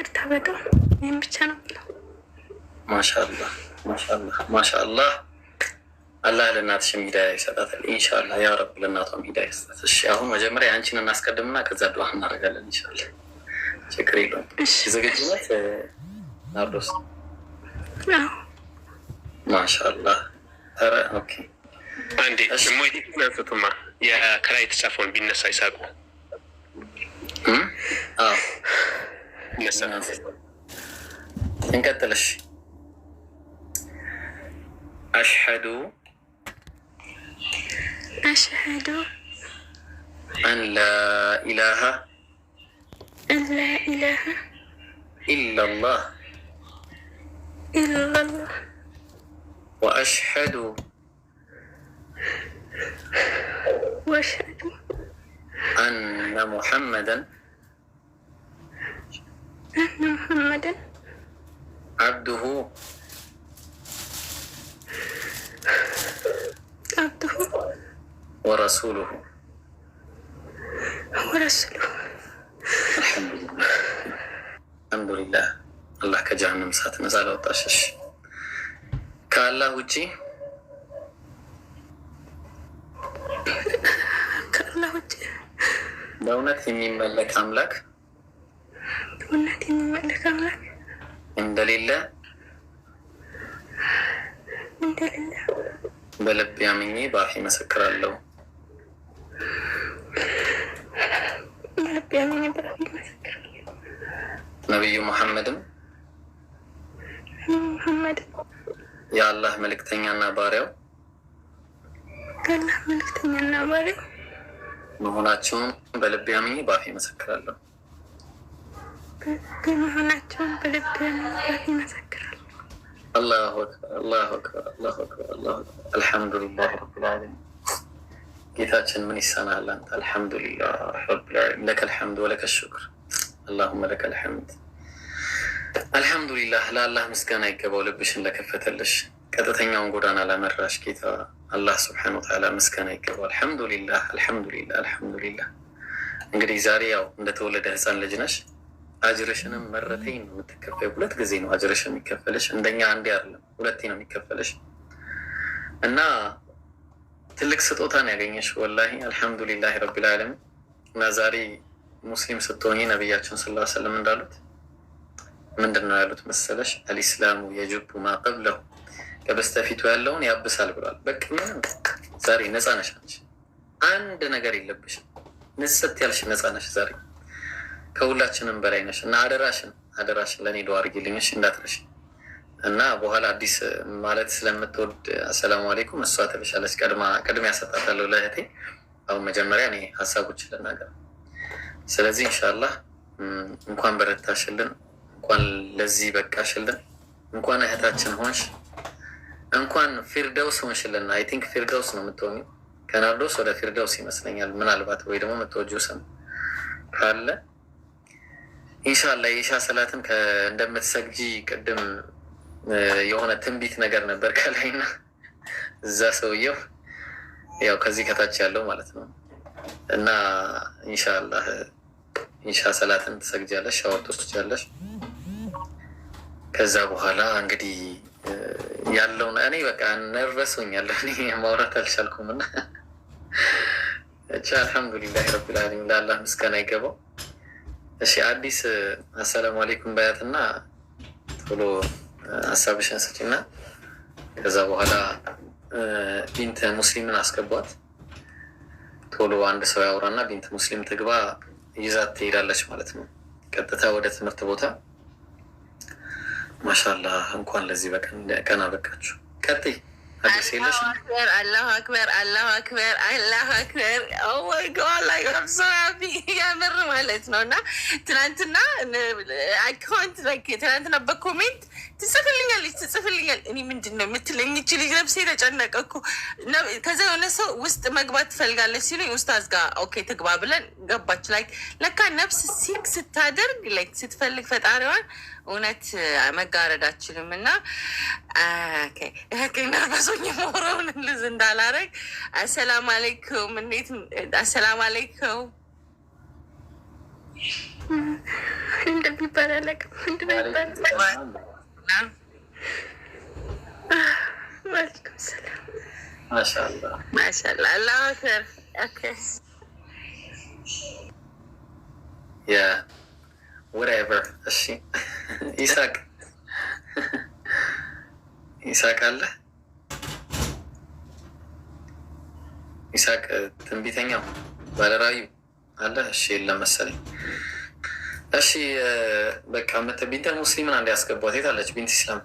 ይቅርታ በጣም ይህም ብቻ ነው ብለው ማሻላ ማሻላ አላህ ለእናትሽም ሂዳያ ይሰጣታል ኢንሻላ። ያ ረብ ለእናቷም ሂዳያ ይሰጣት። እሺ አሁን መጀመሪያ አንቺን እናስቀድምና ከዛ ድዋ እናደርጋለን ኢንሻላ። ችግር የለውም። ዝግጅነት ናርዶስ ማሻላ ረ አንዴ ደግሞ የከላይ የተጻፈውን ቢነሳ ይሳቁ نكتل الشيء أشهد أشهد أن لا إله أن لا إله إلا الله إلا الله وأشهد وأشهد أن محمدا እና መሐመድን አብዱሁ አብዱሁ ወረሱሉሁ ወረሱሉሁ አልሐምዱሊላህ አላህ ከጀሃነም እሳት ነጻ ላወጣሽሽ። ከአላህ ውጪ ከአላህ ውጪ በእውነት የሚመለክ አምላክ እናት የሚመለክ አምላክ እንደሌለ እንደሌለ በልብ ያምኜ በልብ ያምኜ ነቢዩ መሐመድም መሐመድ የአላህ መልእክተኛና ባሪያው የአላህ መልእክተኛና ባሪያው መሆናቸውን በልብ ያምኜ በአፍ መሰክራለሁ። ግን መሆናቸውን በልብ ይመሰክራል። አልሐምዱሊላህ ረብል ጌታችን ምን ይሳናል አንተ። አልሐምዱሊላህ ረብል ዓለሚን ለከል ሐምድ ሹክር አላሁመ ለከል ሐምድ። አልሐምዱሊላህ ለአላህ ምስጋና ይገባው። ልብሽን ለከፈተልሽ ቀጥተኛውን ጎዳና ላመራሽ ጌታ አላህ ስብሐነሁ ወተዓላ ምስጋና ይገባው። አልሐምዱሊላህ አልሐምዱሊላህ አልሐምዱሊላህ። እንግዲህ ዛሬ ያው እንደተወለደ ህፃን ልጅ ነሽ አጅርሽንም መረተኝ ነው የምትከፈይ። ሁለት ጊዜ ነው አጅርሽ የሚከፈልሽ፣ እንደኛ አንዴ አይደለም ሁለቴ ነው የሚከፈልሽ። እና ትልቅ ስጦታ ነው ያገኘሽ። ወላሂ አልሐምዱሊላህ ረቢል እና ዛሬ ሙስሊም ስትሆኝ ነቢያችን ስላ ስለም እንዳሉት ምንድን ነው ያሉት መሰለሽ? አልኢስላሙ የጅቡ ማቀብለሁ ከበስተፊቱ ያለውን ያብሳል ብሏል። በቃ ምንም ዛሬ ነፃ ነሽ አንድ ነገር የለብሽም። ንጽት ያልሽ ነፃ ነሽ ዛሬ ከሁላችንም በላይ ነሽ እና አደራሽን አደራሽን ለእኔ ዶ አድርጊልኝሽ እንዳትረሽ እና በኋላ አዲስ ማለት ስለምትወድ አሰላሙ አሌይኩም እሷ ትልሻለች። ቀድማ ቅድሚያ ሰጣታለሁ ለእህቴ። አሁን መጀመሪያ እኔ ሀሳቦች ልናገር። ስለዚህ እንሻላ እንኳን በረታሽልን፣ እንኳን ለዚህ በቃሽልን፣ እንኳን እህታችን ሆንሽ፣ እንኳን ፊርደውስ ሆንሽልን። አይ ቲንክ ፊርደውስ ነው የምትሆኙ ከናርዶስ ወደ ፊርደውስ ይመስለኛል ምናልባት ወይ ደግሞ የምትወጂው ስም ካለ ኢንሻላ የኢሻ ሰላትን እንደምትሰግጂ ቅድም የሆነ ትንቢት ነገር ነበር ከላይና እዛ ሰውየው ያው ከዚህ ከታች ያለው ማለት ነው። እና ኢንሻላ ኢንሻ ሰላትን ትሰግጃለሽ፣ ሻወር ትወስጃለሽ። ከዛ በኋላ እንግዲህ ያለው እኔ በቃ ነርቨስ ሆኛለሁ፣ ማውራት አልቻልኩም። እና ብቻ አልሐምዱሊላህ ረቢልዓለሚን ለአላህ ምስጋና ይገባው። እሺ አዲስ አሰላሙ አሌይኩም ባያት እና ቶሎ ሀሳብሽን ስጪና ከዛ በኋላ ቢንት ሙስሊምን አስገቧት። ቶሎ አንድ ሰው ያውራና ቢንት ሙስሊም ትግባ፣ ይዛት ትሄዳለች ማለት ነው፣ ቀጥታ ወደ ትምህርት ቦታ። ማሻላ እንኳን ለዚህ በቀን ቀና በቃችሁ። ቀጥይ አላሁ አክበር አላሁ አክበር አላሁ አክበር oh የምር ማለት ነው። እና ትናንትና አካውንት ትናንትና በኮሜንት ትጽፍልኛለች ትጽፍልኛል እኔ ምንድን ነው የምትለኝ እች ልጅ ነብሴ ተጨነቀ እኮ። ከዛ የሆነ ሰው ውስጥ መግባት ትፈልጋለች ሲሉኝ ኡስታዝ ጋር ኦኬ ትግባ ብለን ገባች። ላይክ ለካ ነብስ ሲክ ስታደርግ ላይክ ስትፈልግ ፈጣሪዋን እውነት መጋረድ አችልም እና ነርበስ አዞኝ ኖረውን ልዝ እንዳላረግ። አሰላም አለይኩም፣ እንዴት አሰላም አለይኩም እንደሚባል አላውቅም። ምንድን ሰላም። ማሻላ አላሁ አክበር። እሺ፣ ይሳቅ ይሳቅ አለ ይስሐቅ ትንቢተኛው ባለራዩ አለ። እሺ የለም መሰለኝ። እሺ በቃ መተ ቢንተ ሙስሊምን አንድ ያስገቧት የት አለች? ቢንት ኢስላም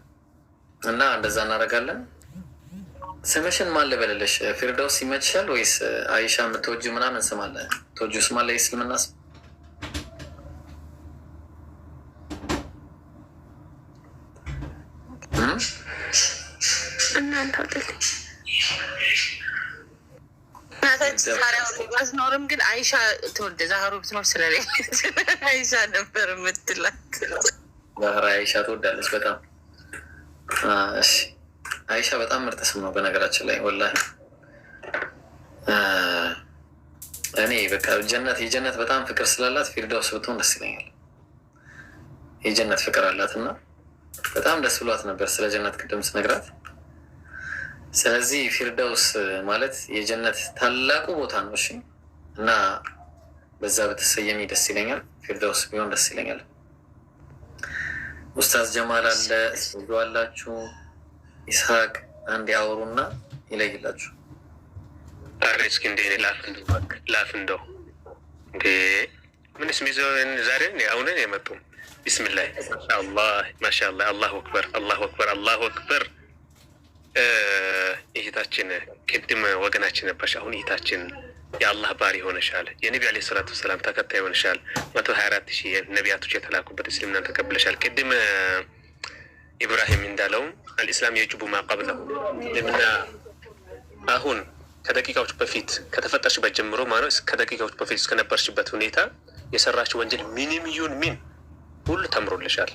እና እንደዛ እናደርጋለን። ስምሽን ማን ልበልልሽ? ፊርደውስ ይመችሻል ወይስ አይሻ የምትወጁ ምናምን ስም አለ? ተወጁ ስም አለ የእስልምና ስም እናንተ ባትኖርም ግን አይሻ ትወልደ ዛህሩ ብትኖር ስለሌለች አይሻ ነበር የምትላት። ባህር አይሻ ትወዳለች በጣም አይሻ በጣም ምርጥ ስም ነው። በነገራችን ላይ ወላሂ እኔ በቃ ጀነት የጀነት በጣም ፍቅር ስላላት ፊርዳውስ ብትሆን ደስ ይለኛል። የጀነት ፍቅር አላት እና በጣም ደስ ብሏት ነበር ስለ ጀነት ቅድም ስነግራት ስለዚህ ፊርደውስ ማለት የጀነት ታላቁ ቦታ ነው። እሺ እና በዛ በተሰየሚ ደስ ይለኛል። ፊርደውስ ቢሆን ደስ ይለኛል። ኡስታዝ ጀማል አለ አላችሁ ኢስሐቅ አንድ ያወሩና ይለይላችሁ። ኧረ እስኪ እንደ ላፍ እንደው እንደው ምን ምንስ ሚዞ ዛሬ አሁንን የመጡ ቢስሚላህ ማሻአላህ፣ አላሁ አክበር፣ አላሁ አክበር፣ አላሁ አክበር እህታችን ቅድም ወገናችን ነበርሽ፣ አሁን እህታችን የአላህ ባሪ ሆነሻል። የነቢ ዐለይሂ ሰላቱ ወሰላም ተከታይ ሆነሻል። መቶ ሀያ አራት ሺህ ነቢያቶች የተላኩበት እስልምናን ተቀብለሻል። ቅድም ኢብራሂም እንዳለው አልእስላም የጅቡ ማቀብለው ለምና አሁን ከደቂቃዎች በፊት ከተፈጠርሽበት ጀምሮ ማለት ከደቂቃዎች በፊት እስከነበርሽበት ሁኔታ የሰራሽ ወንጀል ምንም ይሁን ምን ሁሉ ተምሮልሻል።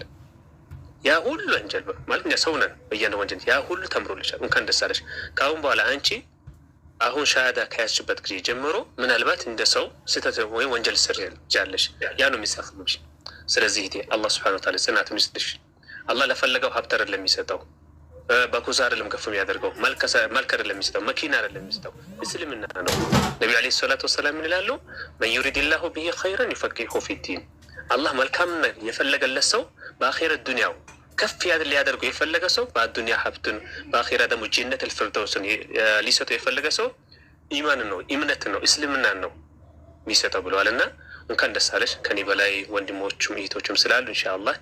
ያ ሁሉ ወንጀል ማለት እኛ ሰው ነን። በእያንዳንዱ ወንጀል ያ ሁሉ ተምሮልሻል። እንኳን ደስ አለሽ። ከአሁን በኋላ አንቺ አሁን ሻሃዳ ከያዝሽበት ጊዜ ጀምሮ ምናልባት እንደ ሰው ስህተት ወይም ወንጀል ስር ጃለሽ ያ ነው የሚጻፍብሽ። ስለዚህ ቴ አላህ ስብሐነሁ ወተዓላ ጽናቱን ይስጥሽ። አላህ ለፈለገው ሀብት አይደለም የሚሰጠው፣ በኩዛ አይደለም ከፍ የሚያደርገው፣ መልክ አይደለም የሚሰጠው፣ መኪና አይደለም የሚሰጠው፣ እስልምና ነው። ነቢዩ ዓለይሂ ሰላቱ ወሰላም ምን ይላሉ? መን ዩሪድ ላሁ ብሂ ኸይረን ዩፈቂሁ ፊዲን አላህ መልካም የፈለገለት ሰው በአኼረ ዱኒያው ከፍ ያ ሊያደርጉ የፈለገ ሰው በአዱንያ ሀብትን በአኼራ ደግሞ ጅነት አልፊርደውስን ሊሰጠው የፈለገ ሰው ኢማን ነው እምነት ነው እስልምናን ነው የሚሰጠው ብለዋል። እና እንኳን ደስ አለሽ። ከኔ በላይ ወንድሞቹም እህቶቹም ስላሉ ኢንሻአላህ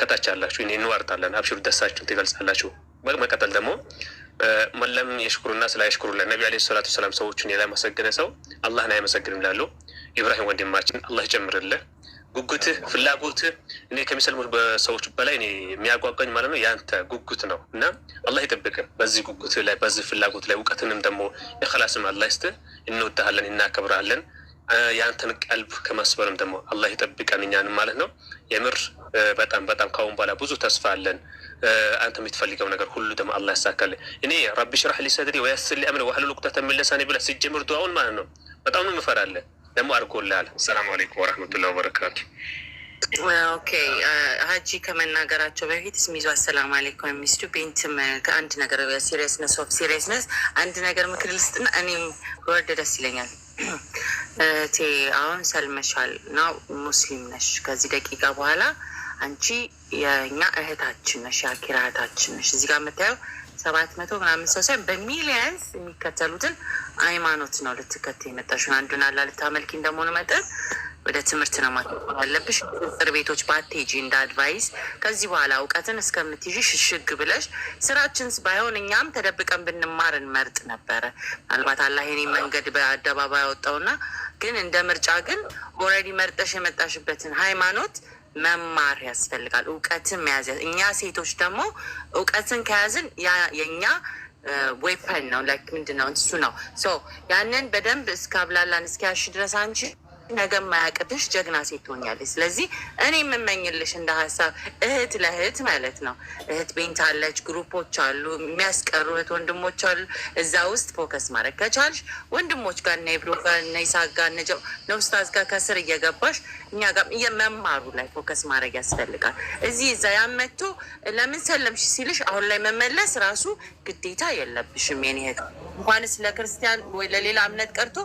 ከታች አላችሁ እንዋርታለን። አብሽሩ ደሳችሁን ትገልጻላችሁ። በመቀጠል ደግሞ መለም የሽኩሩና ስለ አይሽኩሩላ ነቢ ለ ሰላቱ ሰላም ሰዎቹን ያላመሰገነ ሰው አላህን አያመሰግንም ላሉ ኢብራሂም ወንድማችን አላህ ይጨምርልህ ጉጉትህ፣ ፍላጎትህ እኔ ከሚሰልሙ ሰዎች በላይ እኔ የሚያጓጓኝ ማለት ነው የአንተ ጉጉት ነው እና አላህ ይጠብቅህ በዚህ ጉጉት ላይ በዚህ ፍላጎት ላይ እውቀትንም ደግሞ የኸላስም አላህ ይስጥህ። እንወድሃለን፣ እናከብረሃለን። የአንተን ቀልብ ከማስበርም ደግሞ አላህ ይጠብቀን እኛን ማለት ነው። የምር በጣም በጣም ካሁን በኋላ ብዙ ተስፋ አለን። አንተ የምትፈልገው ነገር ሁሉ ደግሞ አላህ ያሳካልን። እኔ ረቢ ሽራህ ሰድሪ ወያስር ሊአምሪ ዋህሉል ዑቅደተ ሚን ሊሳኒ ብለህ ሲጀምር ድዋውን ማለት ነው በጣም ነው የምፈራለን ደግሞ አልኮላል። ሰላም አለይኩም ወረህመቱላ ወበረካቱ። ኦኬ uh, ሀጂ ከመናገራቸው በፊት ስሚዙ አሰላም አለይኩም የሚስቱ ቤንትም ከአንድ ነገር ሲሪየስነስ ኦፍ ሲሪየስነስ አንድ ነገር ምክር ልስጥና እኔም ወርድ ደስ ይለኛል። እቴ አሁን ሰልመሻል ነው ሙስሊም ነሽ። ከዚህ ደቂቃ በኋላ አንቺ የእኛ እህታችን ነሽ፣ የአኪራ እህታችን ነሽ። እዚህ ጋር የምታየው ሰባት መቶ ምናምን ሰው ሳይሆን በሚሊየንስ የሚከተሉትን ሃይማኖት ነው ልትከት የመጣሽ። አንዱን አላ ልታመልኪ እንደመሆኑ መጠን ወደ ትምህርት ነው ማተኮር ያለብሽ። እስር ቤቶች ባቴጂ እንደ አድቫይስ ከዚህ በኋላ እውቀትን እስከምትይዥ ሽሽግ ብለሽ ስራችን ባይሆን እኛም ተደብቀን ብንማር እንመርጥ ነበረ። ምናልባት አላህ የኔን መንገድ በአደባባይ ያወጣውና ግን እንደ ምርጫ ግን ኦልሬዲ መርጠሽ የመጣሽበትን ሃይማኖት መማር ያስፈልጋል። እውቀትን መያዝ እኛ ሴቶች ደግሞ እውቀትን ከያዝን የእኛ ዌፐን ነው። ላይክ ምንድን ነው እሱ ነው። ያንን በደንብ እስካብላላን እስኪያሽ ድረስ አንቺ ነገ ማያቅትሽ ጀግና ሴት ትሆኛለች። ስለዚህ እኔ የምመኝልሽ እንደ ሀሳብ እህት ለእህት ማለት ነው። እህት ቤንት አለች፣ ግሩፖች አሉ፣ የሚያስቀሩ እህት ወንድሞች አሉ። እዛ ውስጥ ፎከስ ማድረግ ከቻልሽ ወንድሞች ጋር እና ብሎ ጋር እነ ይሳቅ ጋር እነ ነውስታዝ ጋር ከስር እየገባሽ እኛ ጋር የመማሩ ላይ ፎከስ ማድረግ ያስፈልጋል። እዚህ እዛ ያመቶ ለምን ሰለምሽ ሲልሽ አሁን ላይ መመለስ ራሱ ግዴታ የለብሽም የኔ እህት እንኳንስ ለክርስቲያን ወይ ለሌላ እምነት ቀርቶ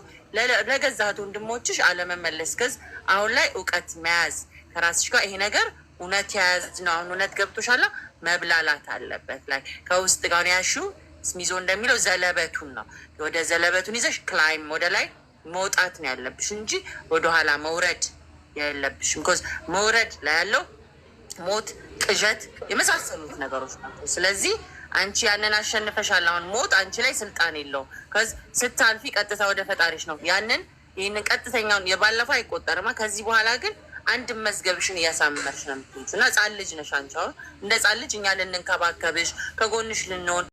ለገዛት ወንድሞችሽ አለመመለስ ገዝ አሁን ላይ እውቀት መያዝ ከራስሽ ጋር ይሄ ነገር እውነት የያዝ ነው። አሁን እውነት ገብቶሻል። መብላላት አለበት ላይ ከውስጥ ጋር ያሹ ስሚዞ እንደሚለው ዘለበቱን ነው። ወደ ዘለበቱን ይዘሽ ክላይም ወደ ላይ መውጣት ነው ያለብሽ እንጂ ወደኋላ መውረድ የለብሽ። ኮዝ መውረድ ላይ ያለው ሞት፣ ቅዠት የመሳሰሉት ነገሮች ናቸው። ስለዚህ አንቺ ያንን አሸንፈሻል። አሁን ሞት አንቺ ላይ ስልጣን የለውም። ከዚ ስታልፊ ቀጥታ ወደ ፈጣሪሽ ነው። ያንን ይህንን ቀጥተኛውን የባለፈው አይቆጠርማ። ከዚህ በኋላ ግን አንድ መዝገብሽን እያሳመርሽ ነው የምትሉት እና ጻን ልጅ ነሽ አንቺ አሁን እንደ ጻን ልጅ እኛ ልንንከባከብሽ ከጎንሽ ልንሆን